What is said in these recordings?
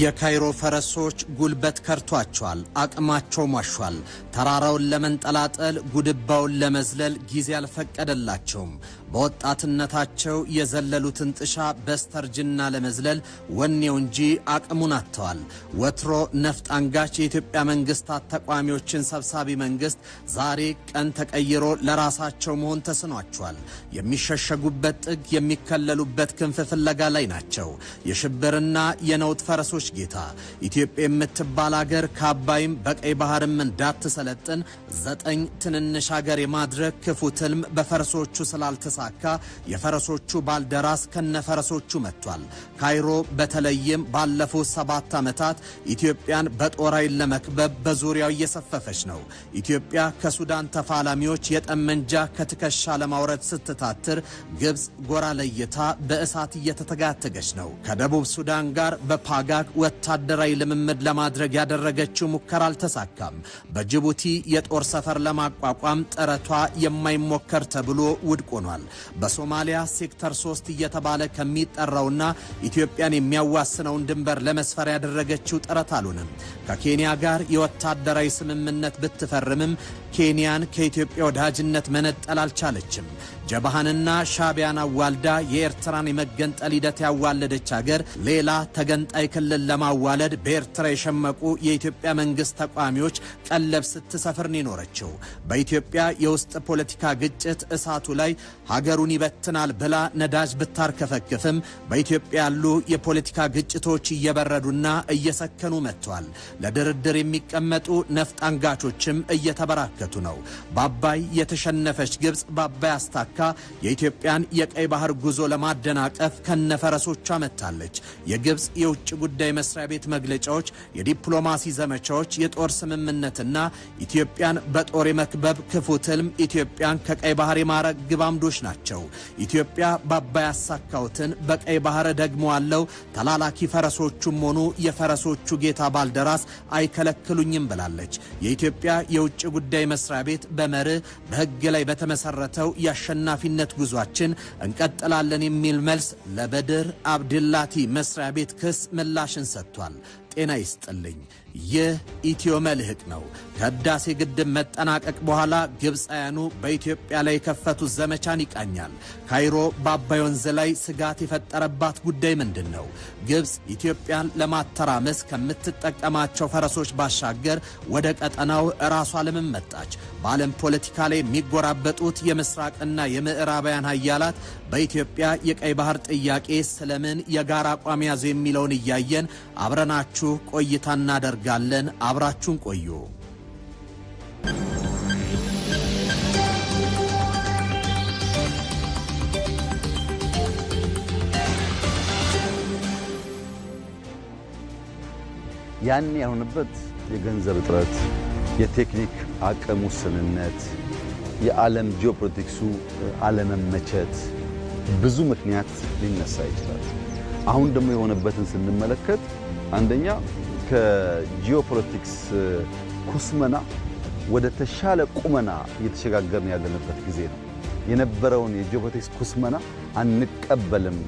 የካይሮ ፈረሶች ጉልበት ከርቷቸዋል፣ አቅማቸው ሟሿል። ተራራውን ለመንጠላጠል ጉድባውን ለመዝለል ጊዜ አልፈቀደላቸውም። በወጣትነታቸው የዘለሉትን ጥሻ በስተርጅና ለመዝለል ወኔው እንጂ አቅሙን አጥተዋል። ወትሮ ነፍጥ አንጋች የኢትዮጵያ መንግስታት ተቋሚዎችን ሰብሳቢ መንግስት ዛሬ ቀን ተቀይሮ ለራሳቸው መሆን ተስኗቸዋል። የሚሸሸጉበት ጥግ፣ የሚከለሉበት ክንፍ ፍለጋ ላይ ናቸው። የሽብርና የነውጥ ፈረሶ የፈረሶች ጌታ ኢትዮጵያ የምትባል አገር ከአባይም በቀይ ባህርም እንዳትሰለጥን ዘጠኝ ትንንሽ አገር የማድረግ ክፉ ትልም በፈረሶቹ ስላልተሳካ የፈረሶቹ ባልደራስ ከነፈረሶቹ መጥቷል። ካይሮ በተለይም ባለፉት ሰባት ዓመታት ኢትዮጵያን በጦር ኃይል ለመክበብ በዙሪያው እየሰፈፈች ነው። ኢትዮጵያ ከሱዳን ተፋላሚዎች የጠመንጃ ከትከሻ ለማውረድ ስትታትር፣ ግብፅ ጎራ ለይታ በእሳት እየተተጋተገች ነው። ከደቡብ ሱዳን ጋር በፓጋ ኢራቅ ወታደራዊ ልምምድ ለማድረግ ያደረገችው ሙከራ አልተሳካም። በጅቡቲ የጦር ሰፈር ለማቋቋም ጥረቷ የማይሞከር ተብሎ ውድቅ ሆኗል። በሶማሊያ ሴክተር ሶስት እየተባለ ከሚጠራውና ኢትዮጵያን የሚያዋስነውን ድንበር ለመስፈር ያደረገችው ጥረት አልሆነም። ከኬንያ ጋር የወታደራዊ ስምምነት ብትፈርምም ኬንያን ከኢትዮጵያ ወዳጅነት መነጠል አልቻለችም። ጀባሃንና ሻቢያን አዋልዳ የኤርትራን የመገንጠል ሂደት ያዋለደች አገር ሌላ ተገንጣይ ክልል ክልል ለማዋለድ በኤርትራ የሸመቁ የኢትዮጵያ መንግስት ተቋሚዎች ቀለብ ስትሰፍርን ይኖረችው በኢትዮጵያ የውስጥ ፖለቲካ ግጭት እሳቱ ላይ ሀገሩን ይበትናል ብላ ነዳጅ ብታርከፈክፍም በኢትዮጵያ ያሉ የፖለቲካ ግጭቶች እየበረዱና እየሰከኑ መጥቷል። ለድርድር የሚቀመጡ ነፍጥ አንጋቾችም እየተበራከቱ ነው። በአባይ የተሸነፈች ግብፅ በአባይ አስታካ የኢትዮጵያን የቀይ ባህር ጉዞ ለማደናቀፍ ከነፈረሶቿ መጥታለች። የግብፅ የውጭ ጉዳይ ጉዳይ መስሪያ ቤት መግለጫዎች፣ የዲፕሎማሲ ዘመቻዎች፣ የጦር ስምምነትና ኢትዮጵያን በጦር የመክበብ ክፉ ትልም ኢትዮጵያን ከቀይ ባህር የማረግ ግብ አምዶች ናቸው። ኢትዮጵያ በአባይ አሳካውትን በቀይ ባህር አለው ተላላኪ ፈረሶቹም ሆኑ የፈረሶቹ ጌታ ባልደራስ አይከለክሉኝም ብላለች። የኢትዮጵያ የውጭ ጉዳይ መስሪያ ቤት በመርህ በህግ ላይ በተመሰረተው የአሸናፊነት ጉዟችን እንቀጥላለን የሚል መልስ ለበድር አብድላቲ መስሪያ ቤት ክስ ምላ ምላሽን ሰጥቷል። ጤና ይስጥልኝ። ይህ ኢትዮ መልሕቅ ነው። ከህዳሴ ግድብ መጠናቀቅ በኋላ ግብፃውያኑ በኢትዮጵያ ላይ የከፈቱት ዘመቻን ይቃኛል። ካይሮ በአባይ ወንዝ ላይ ስጋት የፈጠረባት ጉዳይ ምንድን ነው? ግብፅ ኢትዮጵያን ለማተራመስ ከምትጠቀማቸው ፈረሶች ባሻገር ወደ ቀጠናው ራሷ ለምን መጣች? በዓለም ፖለቲካ ላይ የሚጎራበጡት የምስራቅና የምዕራባውያን ሀያላት በኢትዮጵያ የቀይ ባህር ጥያቄ ስለምን የጋራ አቋም ያዙ የሚለውን እያየን አብረናችሁ ቆይታ እናደርጋለን። አብራችሁን ቆዩ። ያን ያሁንበት የገንዘብ እጥረት የቴክኒክ አቅም ውስንነት፣ የዓለም ጂኦፖለቲክሱ አለመመቸት ብዙ ምክንያት ሊነሳ ይችላል። አሁን ደግሞ የሆነበትን ስንመለከት አንደኛ ከጂኦፖለቲክስ ኩስመና ወደ ተሻለ ቁመና እየተሸጋገርን ያለንበት ጊዜ ነው። የነበረውን የጂኦፖለቲክስ ኩስመና አንቀበልም፣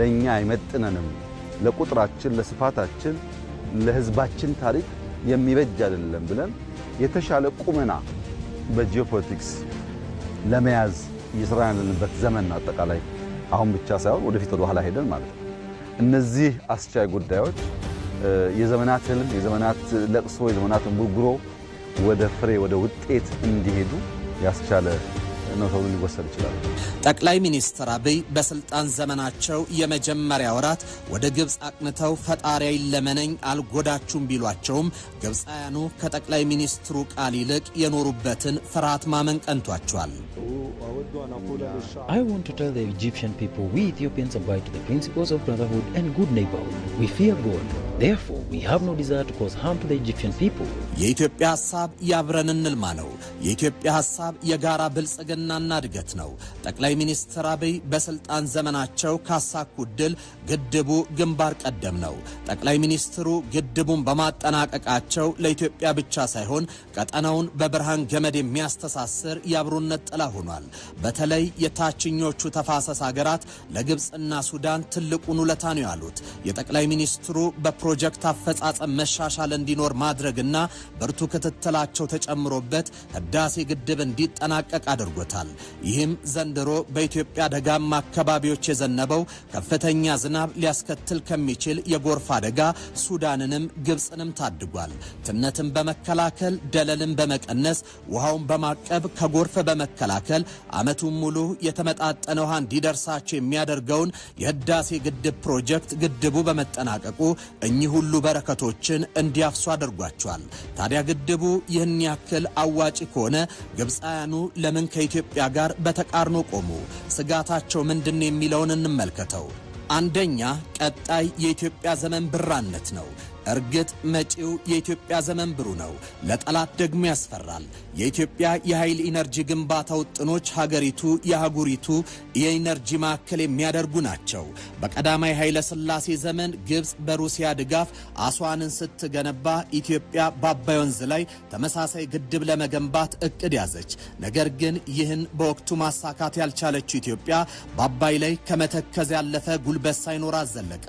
ለእኛ አይመጥነንም፣ ለቁጥራችን፣ ለስፋታችን፣ ለህዝባችን ታሪክ የሚበጅ አይደለም ብለን የተሻለ ቁመና በጂኦፖለቲክስ ለመያዝ እየሰራን ያለንበት ዘመን አጠቃላይ አሁን ብቻ ሳይሆን ወደፊት ወደ ኋላ ሄደን ማለት ነው። እነዚህ አስቻይ ጉዳዮች የዘመናት ህልም፣ የዘመናት ለቅሶ፣ የዘመናት እንጉርጉሮ ወደ ፍሬ ወደ ውጤት እንዲሄዱ ያስቻለ ነው ተብሎ ሊወሰድ ይችላል። ጠቅላይ ሚኒስትር አብይ በስልጣን ዘመናቸው የመጀመሪያ ወራት ወደ ግብፅ አቅንተው ፈጣሪ ይለመነኝ አልጎዳችሁም ቢሏቸውም ግብፃውያኑ ከጠቅላይ ሚኒስትሩ ቃል ይልቅ የኖሩበትን ፍርሃት ማመን ቀንቷቸዋል። የኢትዮጵያ ሀሳብ ያብረን እንልማ ነው። የኢትዮጵያ ሀሳብ የጋራ ብልጽግና ብልጽግናና እድገት ነው። ጠቅላይ ሚኒስትር አብይ በስልጣን ዘመናቸው ካሳኩ ድል ግድቡ ግንባር ቀደም ነው። ጠቅላይ ሚኒስትሩ ግድቡን በማጠናቀቃቸው ለኢትዮጵያ ብቻ ሳይሆን ቀጠናውን በብርሃን ገመድ የሚያስተሳስር የአብሮነት ጥላ ሆኗል። በተለይ የታችኞቹ ተፋሰስ ሀገራት ለግብፅና ሱዳን ትልቁን ውለታ ነው ያሉት የጠቅላይ ሚኒስትሩ በፕሮጀክት አፈጻጸም መሻሻል እንዲኖር ማድረግና ብርቱ ክትትላቸው ተጨምሮበት ህዳሴ ግድብ እንዲጠናቀቅ አድርጎታል። ብለውታል። ይህም ዘንድሮ በኢትዮጵያ ደጋማ አካባቢዎች የዘነበው ከፍተኛ ዝናብ ሊያስከትል ከሚችል የጎርፍ አደጋ ሱዳንንም ግብፅንም ታድጓል። ትነትን በመከላከል ደለልን በመቀነስ ውሃውን በማቀብ ከጎርፍ በመከላከል ዓመቱን ሙሉ የተመጣጠነ ውሃ እንዲደርሳቸው የሚያደርገውን የህዳሴ ግድብ ፕሮጀክት ግድቡ በመጠናቀቁ እኚህ ሁሉ በረከቶችን እንዲያፍሱ አድርጓቸዋል። ታዲያ ግድቡ ይህን ያክል አዋጪ ከሆነ ግብፃውያኑ ለምን ከኢትዮ ከኢትዮጵያ ጋር በተቃርኖ ቆሙ። ስጋታቸው ምንድን የሚለውን እንመልከተው። አንደኛ ቀጣይ የኢትዮጵያ ዘመን ብራነት ነው። እርግጥ መጪው የኢትዮጵያ ዘመን ብሩ ነው፣ ለጠላት ደግሞ ያስፈራል። የኢትዮጵያ የኃይል ኢነርጂ ግንባታ ውጥኖች ሀገሪቱ የአህጉሪቱ የኢነርጂ ማዕከል የሚያደርጉ ናቸው። በቀዳማዊ ኃይለ ሥላሴ ዘመን ግብፅ በሩሲያ ድጋፍ አስዋንን ስትገነባ ኢትዮጵያ በአባይ ወንዝ ላይ ተመሳሳይ ግድብ ለመገንባት እቅድ ያዘች። ነገር ግን ይህን በወቅቱ ማሳካት ያልቻለችው ኢትዮጵያ በአባይ ላይ ከመተከዝ ያለፈ ጉልበት ሳይኖራት ዘለቀ።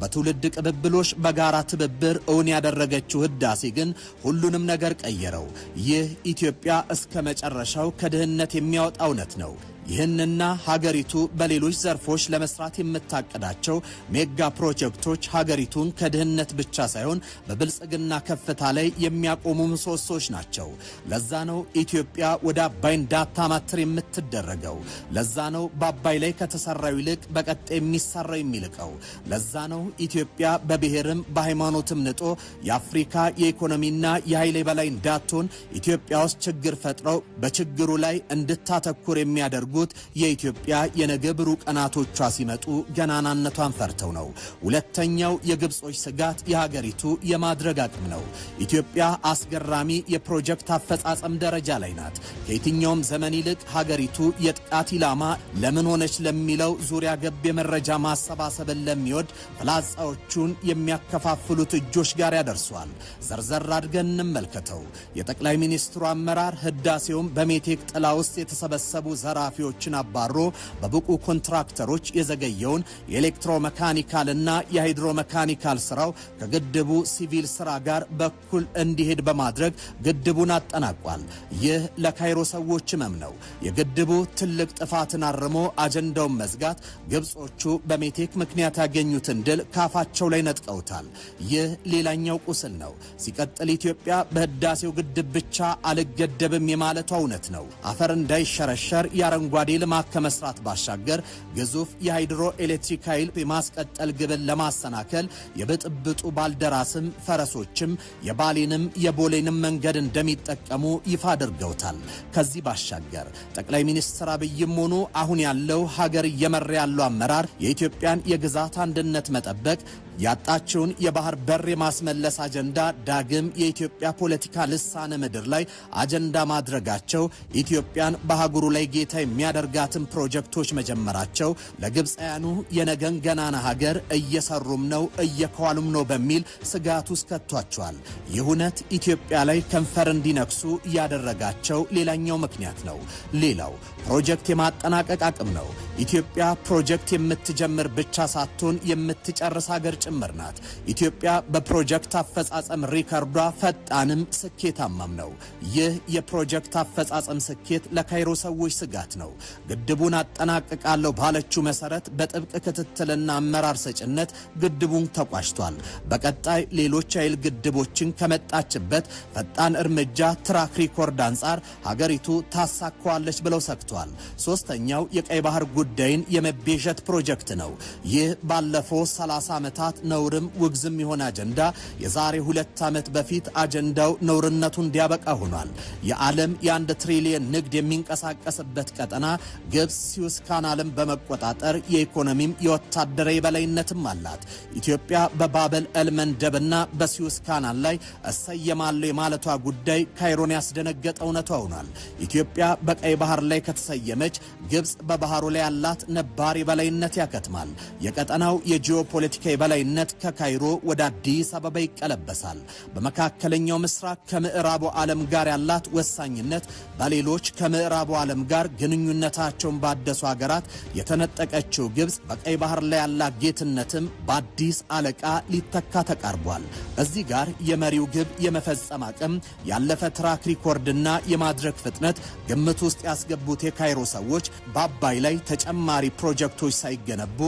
በትውልድ ቅብብሎች በጋራ ትብብ ትብብር እውን ያደረገችው ህዳሴ ግን ሁሉንም ነገር ቀየረው። ይህ ኢትዮጵያ እስከ መጨረሻው ከድህነት የሚያወጣ እውነት ነው። ይህንና ሀገሪቱ በሌሎች ዘርፎች ለመስራት የምታቀዳቸው ሜጋ ፕሮጀክቶች ሀገሪቱን ከድህነት ብቻ ሳይሆን በብልጽግና ከፍታ ላይ የሚያቆሙ ምሰሶች ናቸው። ለዛ ነው ኢትዮጵያ ወደ አባይ እንዳታማትር የምትደረገው። ለዛ ነው በአባይ ላይ ከተሰራው ይልቅ በቀጥ የሚሰራው የሚልቀው። ለዛ ነው ኢትዮጵያ በብሔርም በሃይማኖትም ንጦ የአፍሪካ የኢኮኖሚና የኃይል በላይ እንዳትሆን ኢትዮጵያ ውስጥ ችግር ፈጥረው በችግሩ ላይ እንድታተኩር የሚያደርጉ ያደረጉት የኢትዮጵያ የነገ ብሩህ ቀናቶቿ ሲመጡ ገናናነቷን ፈርተው ነው። ሁለተኛው የግብጾች ስጋት የሀገሪቱ የማድረግ አቅም ነው። ኢትዮጵያ አስገራሚ የፕሮጀክት አፈጻጸም ደረጃ ላይ ናት። ከየትኛውም ዘመን ይልቅ ሀገሪቱ የጥቃት ኢላማ ለምን ሆነች ለሚለው ዙሪያ ገብ የመረጃ ማሰባሰብን ለሚወድ ፍላጻዎቹን የሚያከፋፍሉት እጆች ጋር ያደርሷል። ዘርዘር አድርገን እንመልከተው። የጠቅላይ ሚኒስትሩ አመራር ህዳሴውን በሜቴክ ጥላ ውስጥ የተሰበሰቡ ዘራፊ ኃላፊዎችን አባሮ በብቁ ኮንትራክተሮች የዘገየውን የኤሌክትሮመካኒካልና የሃይድሮመካኒካል ስራው ከግድቡ ሲቪል ስራ ጋር በኩል እንዲሄድ በማድረግ ግድቡን አጠናቋል። ይህ ለካይሮ ሰዎች ህመም ነው። የግድቡ ትልቅ ጥፋትን አርሞ አጀንዳውን መዝጋት ግብጾቹ በሜቴክ ምክንያት ያገኙትን ድል ካፋቸው ላይ ነጥቀውታል። ይህ ሌላኛው ቁስል ነው። ሲቀጥል ኢትዮጵያ በህዳሴው ግድብ ብቻ አልገደብም የማለቷ እውነት ነው። አፈር እንዳይሸረሸር የአረንጓ አረንጓዴ ልማት ከመስራት ባሻገር ግዙፍ የሃይድሮ ኤሌክትሪክ ኃይል የማስቀጠል ግብን ለማሰናከል የብጥብጡ ባልደራስም ፈረሶችም የባሌንም የቦሌንም መንገድ እንደሚጠቀሙ ይፋ አድርገውታል። ከዚህ ባሻገር ጠቅላይ ሚኒስትር አብይም ሆኑ አሁን ያለው ሀገር እየመራ ያለው አመራር የኢትዮጵያን የግዛት አንድነት መጠበቅ ያጣችውን የባህር በር የማስመለስ አጀንዳ ዳግም የኢትዮጵያ ፖለቲካ ልሳነ ምድር ላይ አጀንዳ ማድረጋቸው ኢትዮጵያን በአህጉሩ ላይ ጌታ የሚያ የሚያደርጋትን ፕሮጀክቶች መጀመራቸው ለግብፃውያኑ የነገን ገናና ሀገር እየሰሩም ነው እየከዋሉም ነው በሚል ስጋት ውስጥ ከቷቸዋል። ይህ እውነት ኢትዮጵያ ላይ ከንፈር እንዲነክሱ ያደረጋቸው ሌላኛው ምክንያት ነው። ሌላው ፕሮጀክት የማጠናቀቅ አቅም ነው። ኢትዮጵያ ፕሮጀክት የምትጀምር ብቻ ሳትሆን የምትጨርስ ሀገር ጭምር ናት። ኢትዮጵያ በፕሮጀክት አፈጻጸም ሪከርዷ ፈጣንም ስኬታማም ነው። ይህ የፕሮጀክት አፈጻጸም ስኬት ለካይሮ ሰዎች ስጋት ነው። ግድቡን አጠናቅቃለሁ ባለችው መሰረት በጥብቅ ክትትልና አመራር ሰጭነት ግድቡን ተቋጭቷል። በቀጣይ ሌሎች ኃይል ግድቦችን ከመጣችበት ፈጣን እርምጃ ትራክ ሪኮርድ አንጻር ሀገሪቱ ታሳካዋለች ብለው ሰግቷል። ሶስተኛው የቀይ ባህር ጉዳይን የመቤዠት ፕሮጀክት ነው። ይህ ባለፈው 30 ዓመታት ነውርም ውግዝም የሆነ አጀንዳ የዛሬ ሁለት ዓመት በፊት አጀንዳው ነውርነቱ እንዲያበቃ ሆኗል። የዓለም የአንድ ትሪሊየን ንግድ የሚንቀሳቀስበት ቀጠና ጣና ግብፅ ስዩዝ ካናልን በመቆጣጠር የኢኮኖሚም የወታደራዊ የበላይነትም አላት። ኢትዮጵያ በባበል እልመንደብና መንደብና ካናል ላይ እሰየማለሁ የማለቷ ጉዳይ ካይሮን ያስደነገጠ እውነቷ ሆኗል። ኢትዮጵያ በቀይ ባህር ላይ ከተሰየመች ግብፅ በባህሩ ላይ ያላት ነባር የበላይነት ያከትማል። የቀጠናው የጂኦፖለቲካ የበላይነት ከካይሮ ወደ አዲስ አበባ ይቀለበሳል። በመካከለኛው ምስራቅ ከምዕራቡ ዓለም ጋር ያላት ወሳኝነት በሌሎች ከምዕራቡ ዓለም ጋር ግንኙነት ግንኙነታቸውን ባደሱ ሀገራት የተነጠቀችው ግብፅ በቀይ ባህር ላይ ያላት ጌትነትም በአዲስ አለቃ ሊተካ ተቃርቧል። እዚህ ጋር የመሪው ግብ የመፈጸም አቅም፣ ያለፈ ትራክ ሪኮርድና የማድረግ ፍጥነት ግምት ውስጥ ያስገቡት የካይሮ ሰዎች በአባይ ላይ ተጨማሪ ፕሮጀክቶች ሳይገነቡ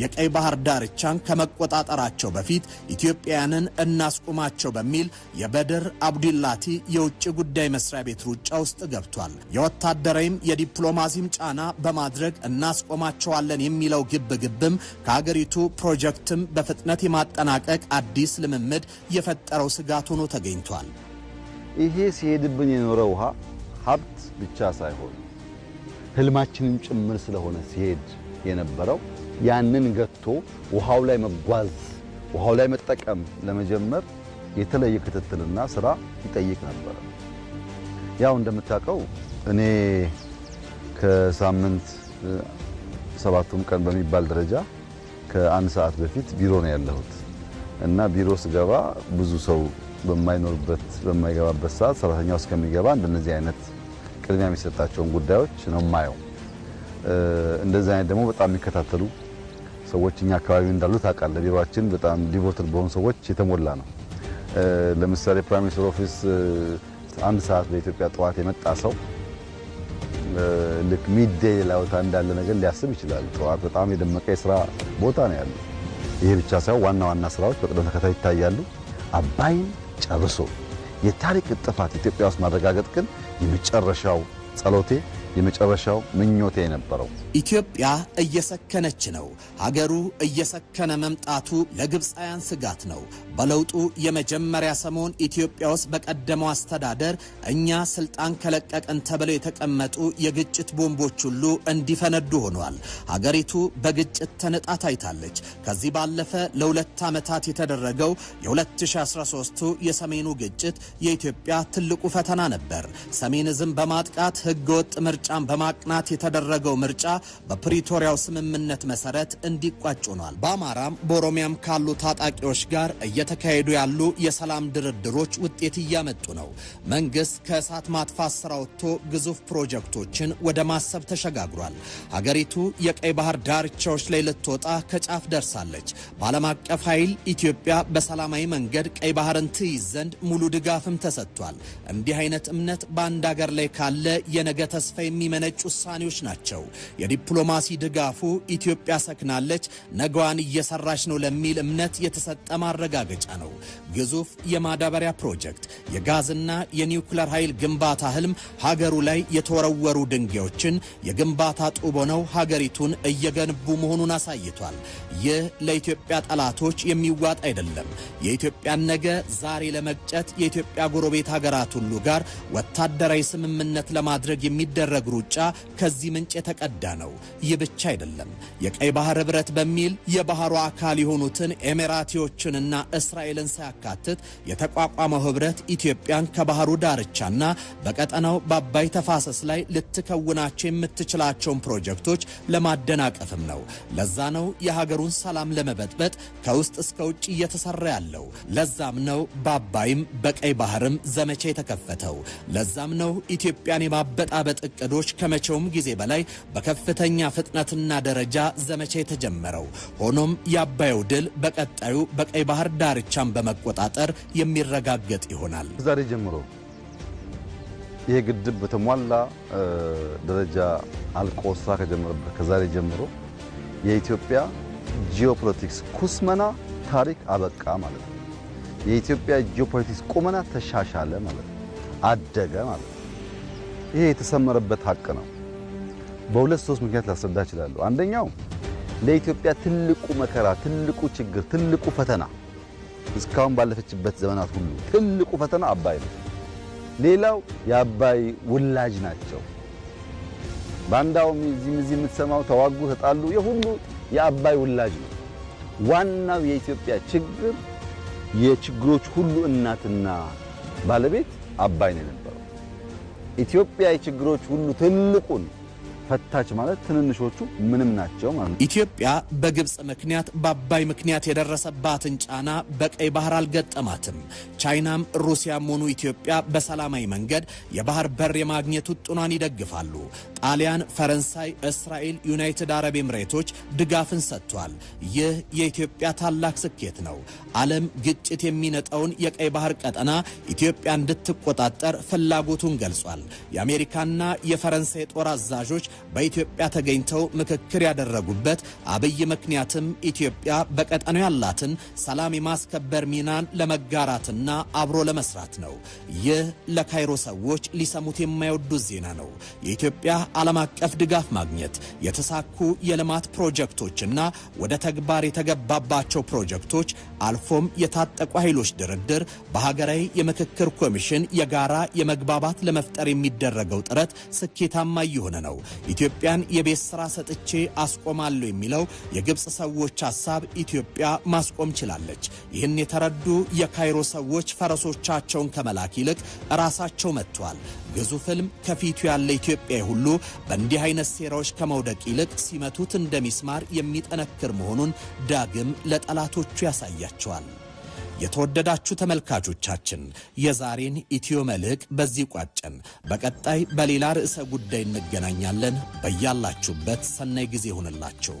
የቀይ ባህር ዳርቻን ከመቆጣጠራቸው በፊት ኢትዮጵያውያንን እናስቁማቸው በሚል የበድር አብዱላቲ የውጭ ጉዳይ መስሪያ ቤት ሩጫ ውስጥ ገብቷል። የወታደራዊም የዲፕሎማሲም ጫና በማድረግ እናስቆማቸዋለን የሚለው ግብ ግብም ከሀገሪቱ ፕሮጀክትም በፍጥነት የማጠናቀቅ አዲስ ልምምድ የፈጠረው ስጋት ሆኖ ተገኝቷል። ይሄ ሲሄድብን የኖረ ውሃ ሀብት ብቻ ሳይሆን ህልማችንም ጭምር ስለሆነ ሲሄድ የነበረው ያንን ገጥቶ ውሃው ላይ መጓዝ ውሃው ላይ መጠቀም ለመጀመር የተለየ ክትትልና ስራ ይጠይቅ ነበረ። ያው እንደምታውቀው እኔ ከሳምንት ሰባቱም ቀን በሚባል ደረጃ ከአንድ ሰዓት በፊት ቢሮ ነው ያለሁት እና ቢሮ ስገባ ብዙ ሰው በማይኖርበት በማይገባበት ሰዓት ሰራተኛው እስከሚገባ እንደነዚህ አይነት ቅድሚያ የሚሰጣቸውን ጉዳዮች ነው የማየው። እንደዚህ አይነት ደግሞ በጣም የሚከታተሉ ሰዎች እኛ አካባቢ እንዳሉ ታውቃለህ። ቢሮችን በጣም ዲቮትድ በሆኑ ሰዎች የተሞላ ነው። ለምሳሌ ፕራይም ሚኒስትር ኦፊስ አንድ ሰዓት በኢትዮጵያ ጠዋት የመጣ ሰው ልክ ሚዴ ሌላ ቦታ እንዳለ ነገር ሊያስብ ይችላል። ጠዋት በጣም የደመቀ የስራ ቦታ ነው ያለው። ይሄ ብቻ ሳይሆን ዋና ዋና ስራዎች በቅደም ተከታይ ይታያሉ። አባይን ጨርሶ የታሪክ ጥፋት ኢትዮጵያ ውስጥ ማረጋገጥ ግን የመጨረሻው ጸሎቴ የመጨረሻው ምኞቴ የነበረው። ኢትዮጵያ እየሰከነች ነው። ሀገሩ እየሰከነ መምጣቱ ለግብፃውያን ስጋት ነው። በለውጡ የመጀመሪያ ሰሞን ኢትዮጵያ ውስጥ በቀደመው አስተዳደር እኛ ስልጣን ከለቀቀን ተብለው የተቀመጡ የግጭት ቦምቦች ሁሉ እንዲፈነዱ ሆኗል። ሀገሪቱ በግጭት ተንጣ ታይታለች። ከዚህ ባለፈ ለሁለት ዓመታት የተደረገው የ2013ቱ የሰሜኑ ግጭት የኢትዮጵያ ትልቁ ፈተና ነበር። ሰሜን ዝም በማጥቃት ህገወጥ ምርጫ ምርጫን በማቅናት የተደረገው ምርጫ በፕሪቶሪያው ስምምነት መሰረት እንዲቋጭ ሆኗል። በአማራም በኦሮሚያም ካሉ ታጣቂዎች ጋር እየተካሄዱ ያሉ የሰላም ድርድሮች ውጤት እያመጡ ነው። መንግስት ከእሳት ማጥፋት ስራ ወጥቶ ግዙፍ ፕሮጀክቶችን ወደ ማሰብ ተሸጋግሯል። ሀገሪቱ የቀይ ባህር ዳርቻዎች ላይ ልትወጣ ከጫፍ ደርሳለች። በዓለም አቀፍ ኃይል ኢትዮጵያ በሰላማዊ መንገድ ቀይ ባህርን ትይዝ ዘንድ ሙሉ ድጋፍም ተሰጥቷል። እንዲህ አይነት እምነት በአንድ ሀገር ላይ ካለ የነገ ተስፋ የሚመነጩ ውሳኔዎች ናቸው። የዲፕሎማሲ ድጋፉ ኢትዮጵያ ሰክናለች፣ ነገዋን እየሰራች ነው ለሚል እምነት የተሰጠ ማረጋገጫ ነው። ግዙፍ የማዳበሪያ ፕሮጀክት፣ የጋዝና የኒውክለር ኃይል ግንባታ ህልም ሀገሩ ላይ የተወረወሩ ድንጋዮችን የግንባታ ጡቦ ነው ሀገሪቱን እየገነቡ መሆኑን አሳይቷል። ይህ ለኢትዮጵያ ጠላቶች የሚዋጥ አይደለም። የኢትዮጵያን ነገ ዛሬ ለመቅጨት የኢትዮጵያ ጎረቤት ሀገራት ሁሉ ጋር ወታደራዊ ስምምነት ለማድረግ የሚደረግ የማድረግ ሩጫ ከዚህ ምንጭ የተቀዳ ነው። ይህ ብቻ አይደለም። የቀይ ባህር ህብረት በሚል የባህሩ አካል የሆኑትን ኤሜራቲዎችንና እስራኤልን ሳያካትት የተቋቋመው ህብረት ኢትዮጵያን ከባህሩ ዳርቻና በቀጠናው በአባይ ተፋሰስ ላይ ልትከውናቸው የምትችላቸውን ፕሮጀክቶች ለማደናቀፍም ነው። ለዛ ነው የሀገሩን ሰላም ለመበጥበጥ ከውስጥ እስከ ውጭ እየተሰራ ያለው። ለዛም ነው በአባይም በቀይ ባህርም ዘመቻ የተከፈተው። ለዛም ነው ኢትዮጵያን የማበጣበጥ እቅዱ መንገዶች ከመቼውም ጊዜ በላይ በከፍተኛ ፍጥነትና ደረጃ ዘመቻ የተጀመረው። ሆኖም የአባዩ ድል በቀጣዩ በቀይ ባህር ዳርቻን በመቆጣጠር የሚረጋገጥ ይሆናል። ዛሬ ጀምሮ ይሄ ግድብ በተሟላ ደረጃ አልቆ ስራ ከጀመረበት ከዛሬ ጀምሮ የኢትዮጵያ ጂኦፖለቲክስ ኩስመና ታሪክ አበቃ ማለት ነው። የኢትዮጵያ ጂኦፖለቲክስ ቁመና ተሻሻለ ማለት ነው። አደገ ማለት ነው። ይሄ የተሰመረበት ሀቅ ነው። በሁለት ሶስት ምክንያት ላስረዳ እችላለሁ። አንደኛው ለኢትዮጵያ ትልቁ መከራ፣ ትልቁ ችግር፣ ትልቁ ፈተና እስካሁን ባለፈችበት ዘመናት ሁሉ ትልቁ ፈተና አባይ ነው። ሌላው የአባይ ውላጅ ናቸው። ባንዳውም እዚህም እዚህ የምትሰማው ተዋጉ፣ ተጣሉ፣ የሁሉ የአባይ ውላጅ ነው። ዋናው የኢትዮጵያ ችግር የችግሮች ሁሉ እናትና ባለቤት አባይ ነን። ኢትዮጵያ የችግሮች ሁሉ ትልቁን ፈታች ማለት ትንንሾቹ ምንም ናቸው ማለት ነው። ኢትዮጵያ በግብፅ ምክንያት በአባይ ምክንያት የደረሰባትን ጫና በቀይ ባህር አልገጠማትም። ቻይናም ሩሲያም ሆኑ ኢትዮጵያ በሰላማዊ መንገድ የባህር በር የማግኘት ውጥኗን ይደግፋሉ። ጣሊያን፣ ፈረንሳይ፣ እስራኤል፣ ዩናይትድ አረብ ኤምሬቶች ድጋፍን ሰጥቷል። ይህ የኢትዮጵያ ታላቅ ስኬት ነው። ዓለም ግጭት የሚነጠውን የቀይ ባህር ቀጠና ኢትዮጵያ እንድትቆጣጠር ፍላጎቱን ገልጿል። የአሜሪካና የፈረንሳይ ጦር አዛዦች በኢትዮጵያ ተገኝተው ምክክር ያደረጉበት አብይ ምክንያትም ኢትዮጵያ በቀጠናው ያላትን ሰላም የማስከበር ሚናን ለመጋራትና አብሮ ለመስራት ነው። ይህ ለካይሮ ሰዎች ሊሰሙት የማይወዱት ዜና ነው። የኢትዮጵያ ዓለም አቀፍ ድጋፍ ማግኘት፣ የተሳኩ የልማት ፕሮጀክቶችና ወደ ተግባር የተገባባቸው ፕሮጀክቶች አልፎም የታጠቁ ኃይሎች ድርድር በሀገራዊ የምክክር ኮሚሽን የጋራ የመግባባት ለመፍጠር የሚደረገው ጥረት ስኬታማ እየሆነ ነው። ኢትዮጵያን የቤት ስራ ሰጥቼ አስቆማለሁ የሚለው የግብፅ ሰዎች ሀሳብ ኢትዮጵያ ማስቆም ችላለች። ይህን የተረዱ የካይሮ ሰዎች ፈረሶቻቸውን ከመላክ ይልቅ ራሳቸው መጥተዋል። ግዙ ፊልም ከፊቱ ያለ ኢትዮጵያ ሁሉ በእንዲህ አይነት ሴራዎች ከመውደቅ ይልቅ ሲመቱት እንደሚስማር የሚጠነክር መሆኑን ዳግም ለጠላቶቹ ያሳያቸዋል። የተወደዳችሁ ተመልካቾቻችን የዛሬን ኢትዮ መልሕቅ በዚህ ቋጨን። በቀጣይ በሌላ ርዕሰ ጉዳይ እንገናኛለን። በያላችሁበት ሰናይ ጊዜ ይሆንላችሁ።